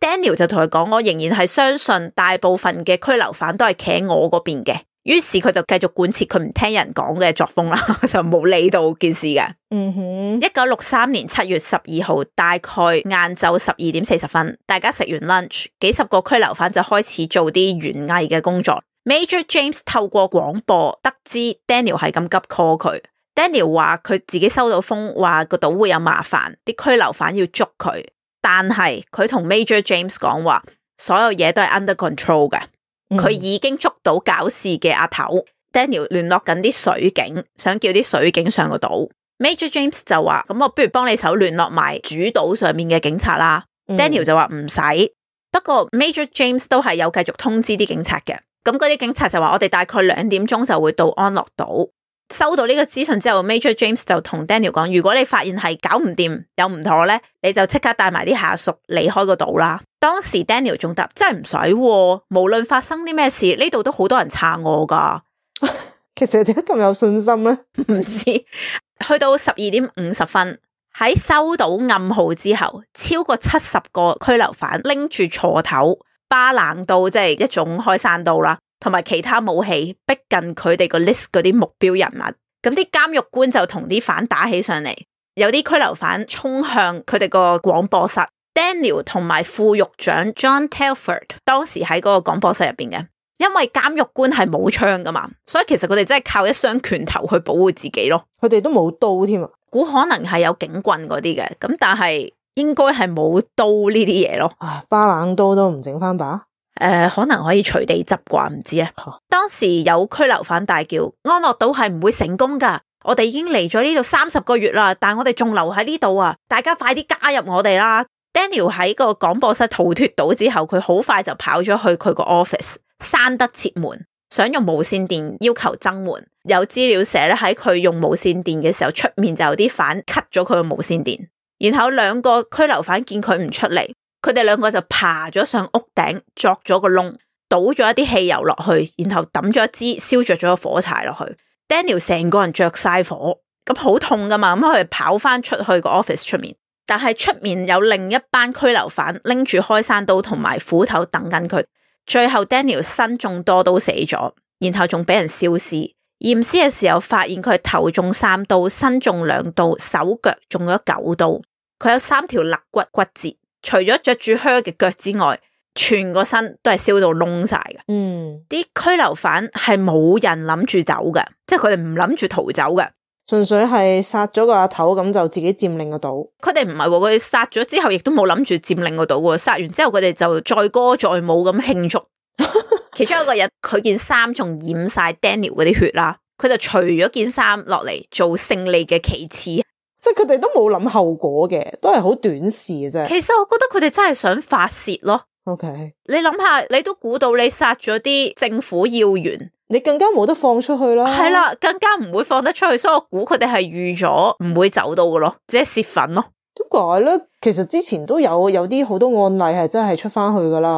Daniel 就同佢講，我仍然係相信大部分嘅拘留犯都係企喺我嗰邊嘅。於是佢就繼續貫徹佢唔聽人講嘅作風啦， 就冇理到件事嘅。嗯哼、uh，一九六三年七月十二號，大概晏晝十二點四十分，大家食完 lunch，幾十個拘留犯就開始做啲園藝嘅工作。Major James 透過廣播得知 Daniel 係咁急 call 佢，Daniel 話佢自己收到風，話個島會有麻煩，啲拘留犯要捉佢，但係佢同 Major James 講話，所有嘢都係 under control 嘅。佢已經捉到搞事嘅阿頭、mm hmm.，Daniel 聯絡緊啲水警，想叫啲水警上個島。Major James 就話：咁我不如幫你手聯絡埋主島上面嘅警察啦。Mm hmm. Daniel 就話唔使，不過 Major James 都係有繼續通知啲警察嘅。咁嗰啲警察就話：我哋大概兩點鐘就會到安樂島。收到呢個資訊之後，Major James 就同 Daniel 講：如果你發現係搞唔掂、有唔妥咧，你就即刻帶埋啲下屬離開個島啦。當時 Daniel 仲答：真係唔使，無論發生啲咩事，呢度都好多人撐我噶。其實你點解咁有信心咧？唔知。去到十二點五十分，喺收到暗號之後，超過七十個拘留犯拎住鋤頭、巴冷刀，即係一種開山刀啦。同埋其他武器逼近佢哋個 list 嗰啲目標人物，咁啲監獄官就同啲犯打起上嚟，有啲拘留犯衝向佢哋個廣播室，Daniel 同埋副獄長 John Telford 當時喺嗰個廣播室入邊嘅，因為監獄官係冇槍噶嘛，所以其實佢哋真係靠一雙拳頭去保護自己咯，佢哋都冇刀添啊，估可能係有警棍嗰啲嘅，咁但係應該係冇刀呢啲嘢咯，啊，巴冷刀都唔整翻把。誒、呃，可能可以隨地執啩，唔知咧。好當時有拘留犯大叫：安樂島係唔會成功噶。我哋已經嚟咗呢度三十個月啦，但係我哋仲留喺呢度啊！大家快啲加入我哋啦！Daniel 喺個廣播室逃脱到之後，佢好快就跑咗去佢個 office，閂得切門，想用無綫電要求增援。有資料寫咧，喺佢用無綫電嘅時候，出面就有啲反 cut 咗佢個無綫電。然後兩個拘留犯見佢唔出嚟。佢哋兩個就爬咗上屋頂，作咗個窿，倒咗一啲汽油落去，然後抌咗一支燒着咗個火柴落去。Daniel 成個人着晒火，咁好痛噶嘛？咁、嗯、佢跑翻出去個 office 出面，但係出面有另一班拘留犯拎住開山刀同埋斧頭等緊佢。最後 Daniel 身中多刀死咗，然後仲俾人燒屍驗屍嘅時候，發現佢頭中三刀，身中兩刀，手腳中咗九刀，佢有三條肋骨骨折。除咗着住靴嘅腳之外，全個身都係燒到燶晒嘅。嗯，啲拘留犯係冇人諗住走嘅，即係佢哋唔諗住逃走嘅，純粹係殺咗個阿頭咁就自己佔領個島。佢哋唔係，佢哋殺咗之後亦都冇諗住佔領個島嘅。殺完之後佢哋就載歌載舞，咁慶祝。 其中一個人佢件衫仲染晒 Daniel 嗰啲血啦，佢就除咗件衫落嚟做勝利嘅旗幟。即係佢哋都冇諗後果嘅，都係好短視嘅啫。其實我覺得佢哋真係想發泄咯。OK，你諗下，你都估到你殺咗啲政府要員，你更加冇得放出去啦。係啦，更加唔會放得出去，所以我估佢哋係預咗唔會走到嘅咯，即係泄憤咯。點解呢？其實之前都有有啲好多案例係真係出翻去噶啦。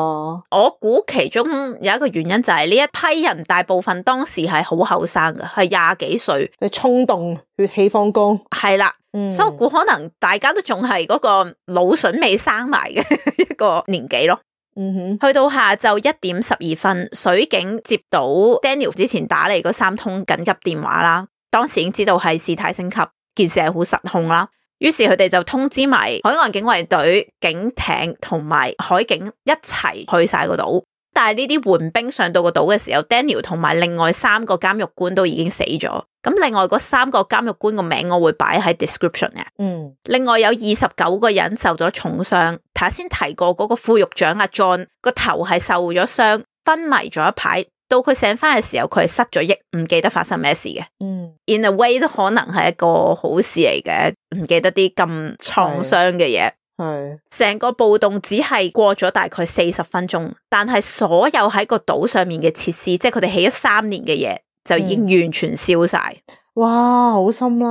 我估其中有一個原因就係呢一批人大部分當時係好後生嘅，係廿幾歲，嘅衝動、血氣方剛，係啦的。嗯、所以我估可能大家都仲係嗰個腦笋未生埋嘅一個年紀咯。嗯哼，去到下晝一點十二分，水警接到 Daniel 之前打嚟嗰三通緊急電話啦，當時已經知道係事態升級，件事係好失控啦。於是佢哋就通知埋海岸警衛隊、警艇同埋海警一齊去晒個島。但係呢啲援兵上到個島嘅時候，Daniel 同埋另外三個監獄官都已經死咗。咁另外嗰三個監獄官個名我會擺喺 description 嘅。嗯，另外有二十九個人受咗重傷。頭先提過嗰個副獄長阿 John 個頭係受咗傷，昏迷咗一排。到佢醒翻嘅時候，佢係失咗憶，唔記得發生咩事嘅。嗯，in a way 都可能係一個好事嚟嘅，唔記得啲咁創傷嘅嘢。係成個暴動只係過咗大概四十分鐘，但係所有喺個島上面嘅設施，即係佢哋起咗三年嘅嘢，就已經完全燒晒。嗯。哇，好深啦，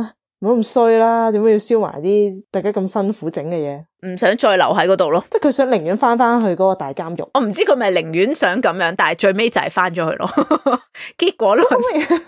啊！唔好咁衰啦，點解要燒埋啲大家咁辛苦整嘅嘢？唔想再留喺嗰度咯，即係佢想寧願翻翻去嗰個大監獄。我唔知佢咪寧願想咁樣，但係最尾就係翻咗去咯。 結果咧論，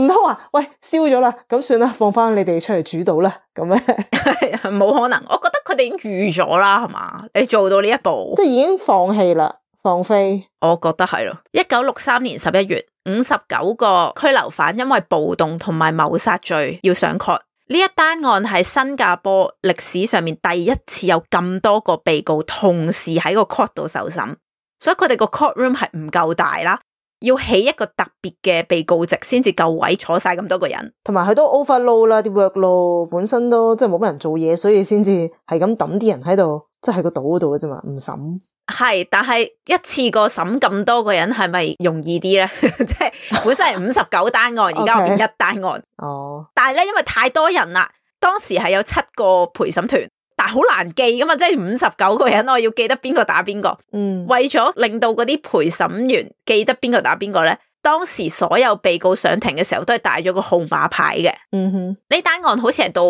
唔通話喂燒咗啦，咁算啦，放翻你哋出嚟，煮到啦，咁樣冇可能。我覺得佢哋已經預咗啦，係嘛？你做到呢一步，即係已經放棄啦，放飛。我覺得係咯。一九六三年十一月。五十九個拘留犯因為暴動同埋謀殺罪要上 court，呢一單案係新加坡歷史上面第一次有咁多個被告同時喺個 court 度受審，所以佢哋個 court room 係唔夠大啦。要起一個特別嘅被告席先至夠位坐晒咁多個人，同埋佢都 overload 啦，啲 workload 本身都，本身都即係冇乜人做嘢，所以先至係咁抌啲人喺度，即係喺個島度嘅啫嘛，唔審。係，但係一次過審咁多個人係咪容易啲咧？即 係本身係五十九單案，而家我變一單案。哦，Okay . oh. 但係咧，因為太多人啦，當時係有七個陪審團。但好難記噶嘛，即係五十九個人，我要記得邊個打邊個。嗯，為咗令到嗰啲陪審員記得邊個打邊個咧，當時所有被告上庭嘅時候都係戴咗個號碼牌嘅。嗯哼，呢單案好似係到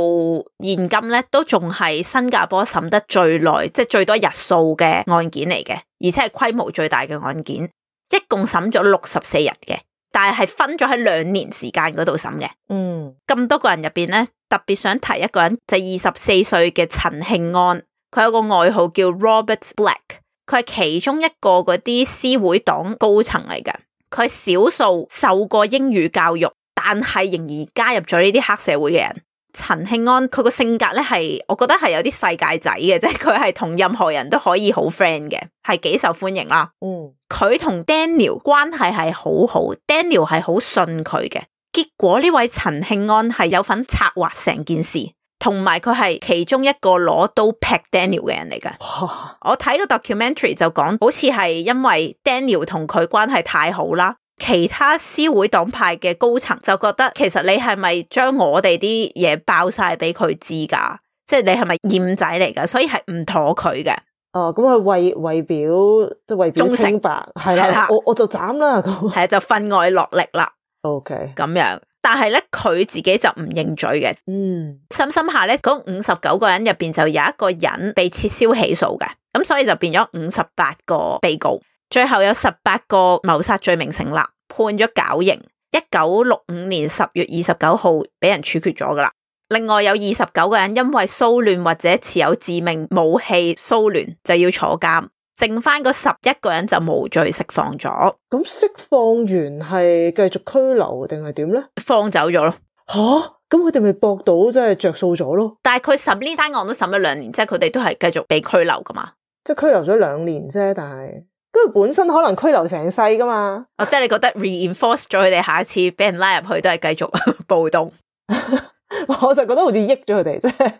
現今咧都仲係新加坡審得最耐，即係最多日數嘅案件嚟嘅，而且係規模最大嘅案件，一共審咗六十四日嘅，但係係分咗喺兩年時間嗰度審嘅。嗯，咁多個人入邊咧。特別想提一個人，就係二十四歲嘅陳慶安，佢有個外號叫 Robert Black，佢係其中一個嗰啲私會黨高層嚟嘅，佢係少數受過英語教育，但係仍然加入咗呢啲黑社會嘅人。陳慶安佢個性格咧係，我覺得係有啲世界仔嘅，即係佢係同任何人都可以好 friend 嘅，係幾受歡迎啦。嗯，佢同 Daniel 關係係好好，Daniel 係好信佢嘅。結果呢位陳慶安係有份策劃成件事，同埋佢係其中一個攞刀劈 Daniel 嘅人嚟嘅。 我睇個 documentary 就講，好似係因為 Daniel 同佢關係太好啦，其他私會黨派嘅高層就覺得，其實你係咪將我哋啲嘢爆晒俾佢知噶？即係你係咪嫌仔嚟噶？所以係唔妥佢嘅。哦，咁佢為為表即係為表清白，係啦忠成， 我我就斬啦。係 就分外落力啦。O K，咁樣，但係咧，佢自己就唔認罪嘅。嗯，審審下咧，嗰五十九個人入邊就有一個人被撤銷起訴嘅，咁所以就變咗五十八個被告，最後有十八個謀殺罪名成立，判咗絞刑。一九六五年十月二十九號俾人處決咗噶啦。另外有二十九個人因為騷亂或者持有致命武器騷亂，就要坐監。剩翻個十一個人就無罪釋放咗。咁釋、嗯、放完係繼續拘留定係點呢？放走咗咯。吓、啊，咁佢哋咪搏到即係着數咗咯？但係佢審呢單案都審咗兩年，即係佢哋都係繼續被拘留噶嘛？即係拘留咗兩年啫，但係跟住本身可能拘留成世噶嘛？哦， 即係你覺得 reinforce 咗佢哋下一次俾人拉入去都係繼續暴動？ 我就覺得好似益咗佢哋啫，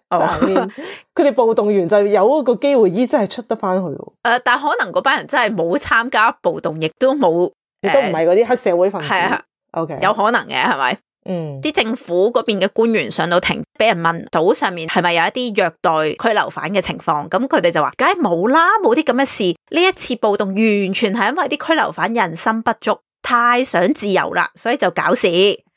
佢哋暴動完就有一個機會，依真係出得翻去。誒， 但可能嗰班人真係冇參加暴動，亦都冇，亦都唔係嗰啲黑社會份子。係啊的，OK，有可能嘅係咪？嗯，啲政府嗰邊嘅官員上到庭，俾人問島上面係咪有一啲虐待拘留犯嘅情況？咁佢哋就話：梗係冇啦，冇啲咁嘅事。呢一次暴動完全係因為啲拘留犯人心不足，太想自由啦，所以就搞事。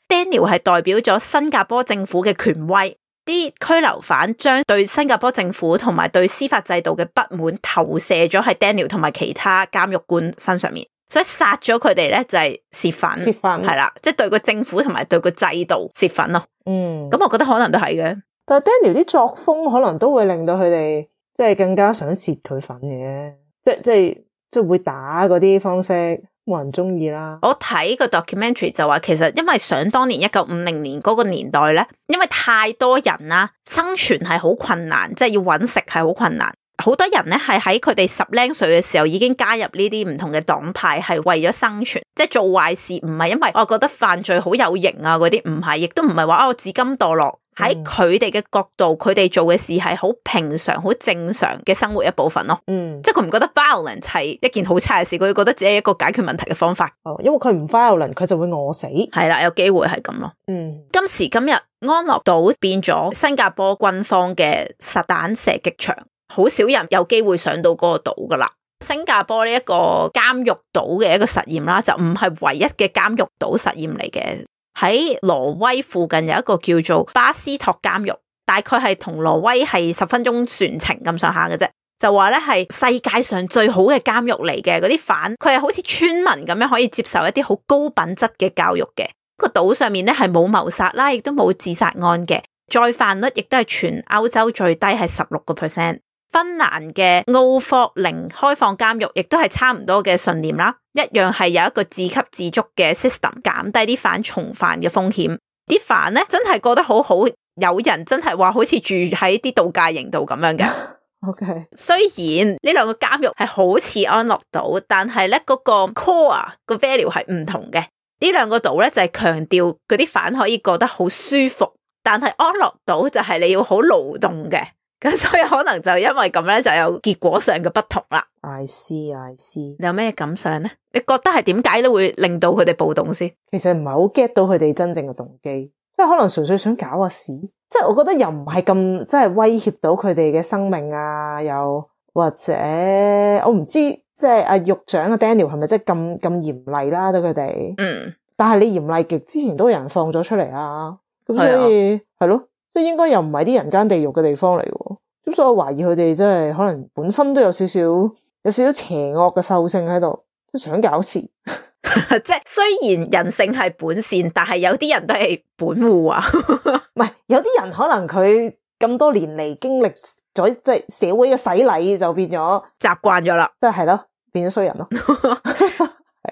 Daniel 係代表咗新加坡政府嘅權威，啲拘留犯將對新加坡政府同埋對司法制度嘅不滿投射咗喺 Daniel 同埋其他監獄官身上面，所以殺咗佢哋咧就係洩憤，洩憤係啦，即係、就是、對個政府同埋對個制度洩憤咯。嗯，咁我覺得可能都係嘅，但係 Daniel 啲作風可能都會令到佢哋即係更加想洩佢憤嘅，即即即會打嗰啲方式。冇人中意啦。我睇個 documentary 就話，其實因為想當年一九五零年嗰個年代咧，因為太多人啦，生存係好困難，即係要揾食係好困難。好多人咧係喺佢哋十零歲嘅時候已經加入呢啲唔同嘅黨派，係為咗生存，即係做壞事，唔係因為我覺得犯罪好有型啊嗰啲，唔係，亦都唔係話我至今墮落。喺佢哋嘅角度，佢哋做嘅事係好平常、好正常嘅生活一部分咯。嗯，即係佢唔覺得 violence 係一件好差嘅事，佢覺得只係一個解決問題嘅方法。哦，因為佢唔 violence，佢就會餓死。係啦，有機會係咁咯。嗯，今時今日安樂島變咗新加坡軍方嘅實彈射擊場，好少人有機會上到嗰個島噶啦。新加坡呢一個監獄島嘅一個實驗啦，就唔係唯一嘅監獄島實驗嚟嘅。喺挪威附近有一個叫做巴斯托監獄，大概係同挪威係十分鐘船程咁上下嘅啫。就話咧係世界上最好嘅監獄嚟嘅，嗰啲犯，佢係好似村民咁樣可以接受一啲好高品質嘅教育嘅。個島上面咧係冇謀殺啦，亦都冇自殺案嘅，再犯率亦都係全歐洲最低，係十六個 percent。芬蘭嘅奧霍零開放監獄，亦都係差唔多嘅信念啦，一樣係有一個自給自足嘅 system，減低啲犯重犯嘅風險。啲犯咧真係過得好好，有人真係話好似住喺啲度假營度咁樣嘅。OK，雖然呢兩個監獄係好似安樂島，但係咧嗰個 core 個 value 係唔同嘅。呢兩個島咧就係、是、強調嗰啲犯可以過得好舒服，但係安樂島就係你要好勞動嘅。咁所以可能就因為咁咧，就有結果上嘅不同啦。I see, I see。你有咩感想咧？你覺得係點解都會令到佢哋暴動先？其實唔係好 get 到佢哋真正嘅動機，即係可能純粹想搞個事。即係我覺得又唔係咁，即係威脅到佢哋嘅生命啊。又或者我唔知，即係阿獄長啊 Daniel 係咪即係咁咁嚴厲啦？對佢哋嗯，但係你嚴厲極之前都有人放咗出嚟啊，咁所以係咯。的都應該又唔係啲人間地獄嘅地方嚟喎，咁所以我懷疑佢哋真係可能本身都有少少有少少邪惡嘅獸性喺度，即係想搞事。 即係雖然人性係本善，但係有啲人都係本惡啊！唔 係有啲人可能佢咁多年嚟經歷咗即係社會嘅洗禮，就變咗習慣咗啦，即係係咯，變咗衰人咯。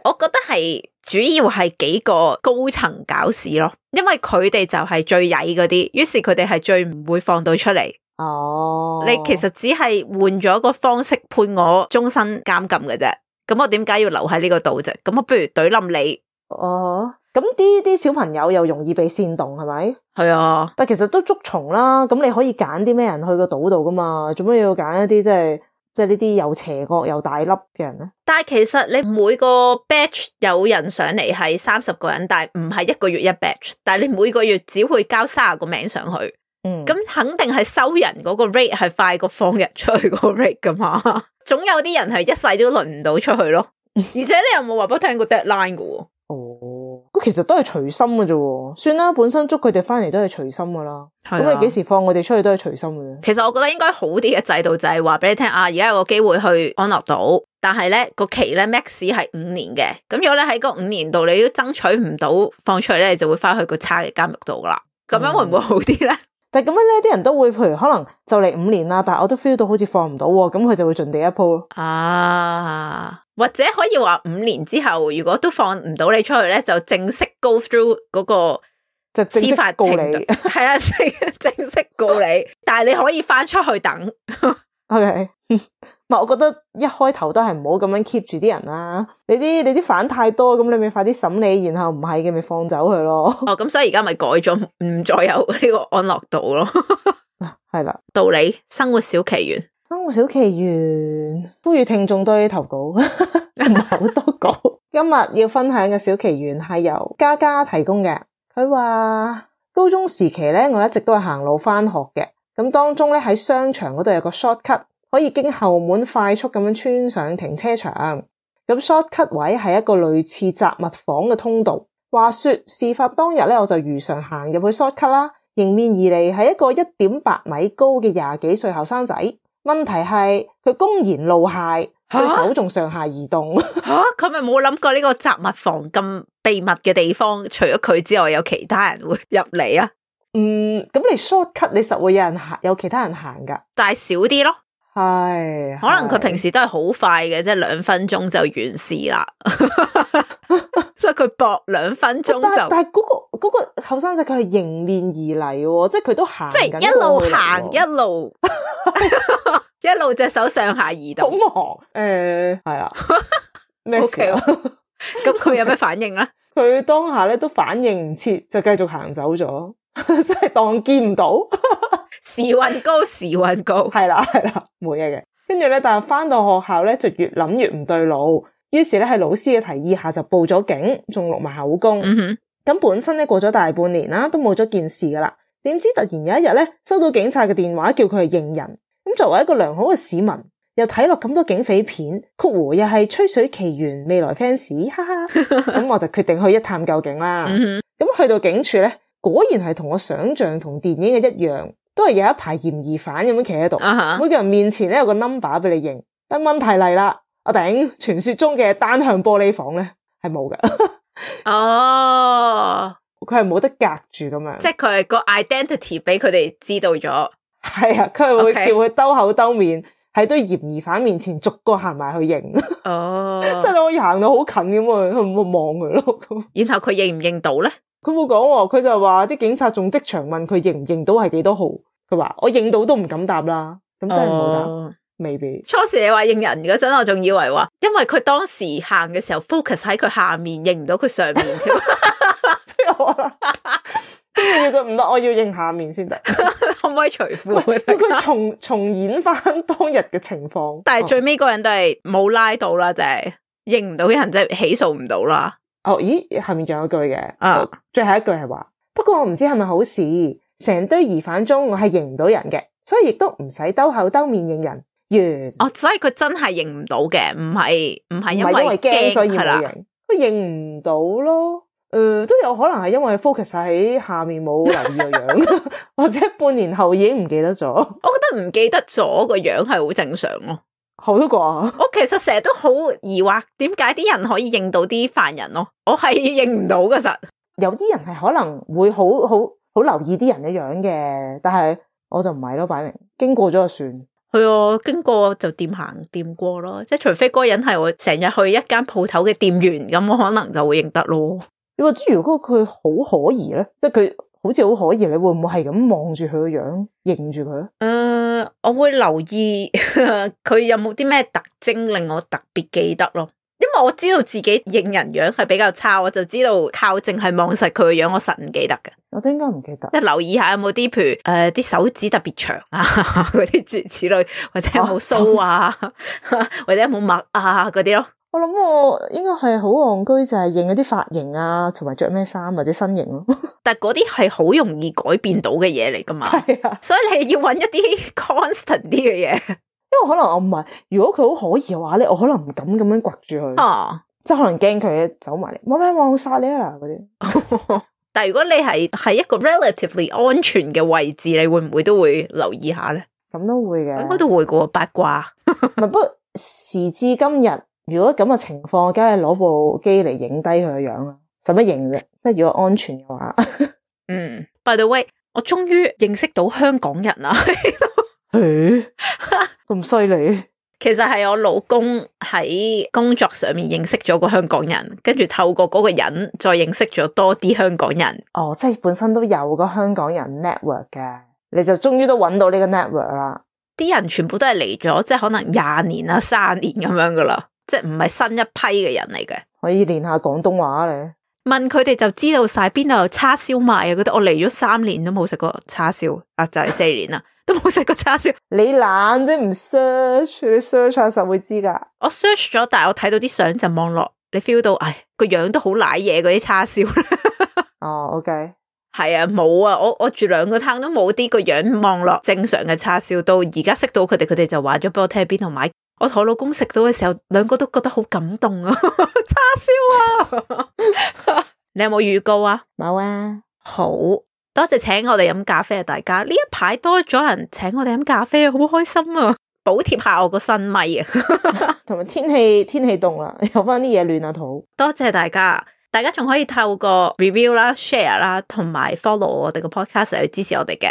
我覺得係。主要係幾個高層搞事咯，因為佢哋就係最曳嗰啲，於是佢哋係最唔會放到出嚟。哦，你其實只係換咗個方式判我終身監禁嘅啫，咁我點解要留喺呢個島啫？咁我不如懟冧你。哦，咁啲啲小朋友又容易被煽動，係咪？係啊，但其實都捉蟲啦。咁你可以揀啲咩人去個島度噶嘛？做咩要揀一啲即係？即係呢啲又斜角又大粒嘅人咧，但係其實你每個 batch 有人上嚟係三十個人，但係唔係一個月一 batch，但係你每個月只會交卅個名上去，咁、嗯、肯定係收人嗰個 rate 係快過放人出去個 rate 噶嘛， 總有啲人係一世都輪唔到出去咯，而且你有冇話俾我聽過 deadline 噶？其實都係隨心嘅啫，算啦，本身捉佢哋翻嚟都係隨心噶啦。咁你幾時放我哋出去都係隨心嘅。其實我覺得應該好啲嘅制度就係話俾你聽啊，而家有個機會去安樂島，但係咧個期咧 max 係五年嘅。咁如果咧喺嗰五年度你都爭取唔到放出去咧，你就會翻去個差嘅監獄度啦。咁樣會唔會好啲咧？嗯但係咁樣咧，啲人都會，譬如可能就嚟五年啦，但係我都 feel 到好似放唔到，咁佢就會盡地一鋪啊。或者可以話五年之後，如果都放唔到你出去咧，就正式 go through 嗰個就司法告你，係啦，正正式告你。但係你可以翻出去等 ，OK。我覺得一開頭都係唔好咁樣 keep 住啲人啦。你啲你啲犯太多，咁你咪快啲審理，然後唔係嘅咪放走佢咯。哦，咁所以而家咪改咗，唔再有呢個安樂島咯。係啦，道理生活小奇緣，生活小奇緣，呼籲聽眾多啲投稿，唔係好多稿。 今日要分享嘅小奇緣係由嘉嘉提供嘅。佢話高中時期咧，我一直都係行路返學嘅。咁當中咧喺商場嗰度有個 short cut。可以經後門快速咁樣穿上停車場。咁 shortcut 位係一個類似雜物房嘅通道。話說事發當日咧，我就如常行入去 shortcut 啦，迎面而嚟係一個一點八米高嘅廿幾歲後生仔。問題係佢公然露械，佢、啊、手仲上下移動。吓、 啊，佢咪冇諗過呢個雜物房咁秘密嘅地方，除咗佢之外，有其他人會入嚟啊？嗯，咁你 shortcut 你實會有人行，有其他人行噶，但係少啲咯。係，哎、可能佢平時都係好快嘅，即係兩分鐘就完事啦。即係佢搏兩分鐘就，但係嗰個嗰個後生仔佢係迎面而嚟，即係佢都行，即係一路行一路， 一路隻手上下移動，好忙 誒、欸，係啊， 咩咁佢有咩反應咧？佢 當下咧都反應唔切，就繼續行走咗。 真係當見唔到， 時運高，時運高，係啦， 係啦，冇嘢嘅。跟住咧，但係翻到學校咧，就越諗越唔對路。於是咧，喺老師嘅提議下，就報咗警，仲錄埋口供。咁、mm hmm. 本身咧過咗大半年啦，都冇咗件事噶啦。點知突然有一日咧，收到警察嘅電話，叫佢去認人。咁作為一個良好嘅市民，又睇落咁多警匪片，曲和又係吹水奇緣未來 fans，哈哈，咁我就決定去一探究竟啦。咁、mm hmm. 去到警署咧。呢果然係同我想象同電影嘅一樣，都係有一排嫌疑犯咁樣企喺度。Uh huh. 每個人面前咧有個 number 俾你認，但問題嚟啦，我頂傳說中嘅單向玻璃房咧係冇㗎。哦，佢係冇得隔住咁樣。即係佢係個 identity 俾佢哋知道咗。係啊，佢係會叫佢兜口兜面喺對 Okay. 嫌疑犯面前逐個行埋去認。哦，即係你可以行到好近咁啊，咁啊望佢咯。 然後佢認唔認到咧？佢冇講喎，佢就話啲警察仲即場問佢認唔認到係幾多號。佢話我認到都唔敢答啦，咁真係冇得未必必。初時你話認人嗰陣，我仲以為話，因為佢當時行嘅時候 focus 喺佢下面，認唔到佢上面。所以我話，我要佢唔得，我要認下面先得。 可唔可以除褲？佢 重重演翻當日嘅情況，但係最尾個人都係冇拉到啦、嗯，就係認唔到嘅人，即係起訴唔到啦。哦，咦，下面仲有一句嘅，啊，最後一句係話，不過我唔知係咪好事，成堆疑犯中我係認唔到人嘅，所以亦都唔使兜口兜面認人，完。哦，所以佢真係認唔到嘅，唔係唔係因為驚所以唔的認，佢認唔到咯。誒、呃，都有可能係因為 focus 喺下面冇留意個樣， 或者半年後已經唔記得咗。我覺得唔記得咗個樣係好正常咯。好多個、啊，我其實成日都好疑惑，點解啲人可以認到啲犯人咯？我係認唔到嘅實，有啲人係可能會好好好留意啲人嘅樣嘅，但係我就唔係咯，擺明經過咗就算。係啊、嗯，經過就掂行掂過咯，即係除非嗰人係我成日去一間鋪頭嘅店員，咁我可能就會認得咯。你話知如果如果佢好可疑咧，即係佢好似好可疑，你會唔會係咁望住佢個樣認住佢？嗯我會留意佢有冇啲咩特徵令我特別記得咯，因為我知道自己認人樣係比較差，我就知道靠淨係望實佢嘅樣，我實唔記得嘅。我都應該唔記得。即留意下有冇啲，譬如誒啲，呃、手指特別長啊，嗰啲諸如此類，或者有冇鬚啊，啊 或者有冇墨啊嗰啲咯。我諗我應該係好戇居，就係認嗰啲髮型啊，同埋着咩衫或者身形咯、啊。但係嗰啲係好容易改變到嘅嘢嚟噶嘛？係 啊，所以你要揾一啲 constant 啲嘅嘢。因為可能我唔係，如果佢好可以嘅話咧，我可能唔敢咁樣掘住佢。啊、即就可能驚佢走埋嚟。冇咩冇，望晒你啊啲。 但係如果你係喺一個 relatively 安全嘅位置，你會唔會都會留意下咧？咁都會嘅，應該都會噶八卦。係 不過時至今日。如果咁嘅情況，梗係攞部機嚟影低佢嘅樣啦，使乜影啫？即係如果安全嘅話， 嗯。By the way，我終於認識到香港人啦。誒、 欸，咁犀利？其實係我老公喺工作上面認識咗個香港人，跟住透過嗰個人再認識咗多啲香港人。哦，即係本身都有個香港人 network 嘅，你就終於都搵到呢個 network 啦。啲人全部都係嚟咗，即係可能廿年啦、三年咁樣噶啦。.即係唔係新一批嘅人嚟嘅，可以練下廣東話咧。問佢哋就知道晒邊度有叉燒賣啊！覺得我嚟咗三年都冇食過叉燒，啊就係、是、四年啦，都冇食過叉燒。你懶啫，唔 search，search 下實會知噶。我 search 咗，但係我睇到啲相就望落，你 feel 到唉個樣都好瀨嘢嗰啲叉燒。哦、 oh，OK，係啊，冇啊，我我住兩個攤都冇啲個樣，望落正常嘅叉燒都。到而家識到佢哋，佢哋就話咗俾我聽喺邊度買。我同我老公食到嘅時候，兩個都覺得好感動啊！ 叉燒燒啊！ 你有冇預告啊？冇啊！好多謝請我哋飲咖啡啊！大家。呢一排多咗人請我哋飲咖啡，好開心啊！補貼下我個新米啊！同 埋天氣天氣凍啦，有翻啲嘢暖下肚。多謝大家，大家仲可以透過 review 啦、share 啦同埋 follow 我哋個 podcast 去支持我哋嘅。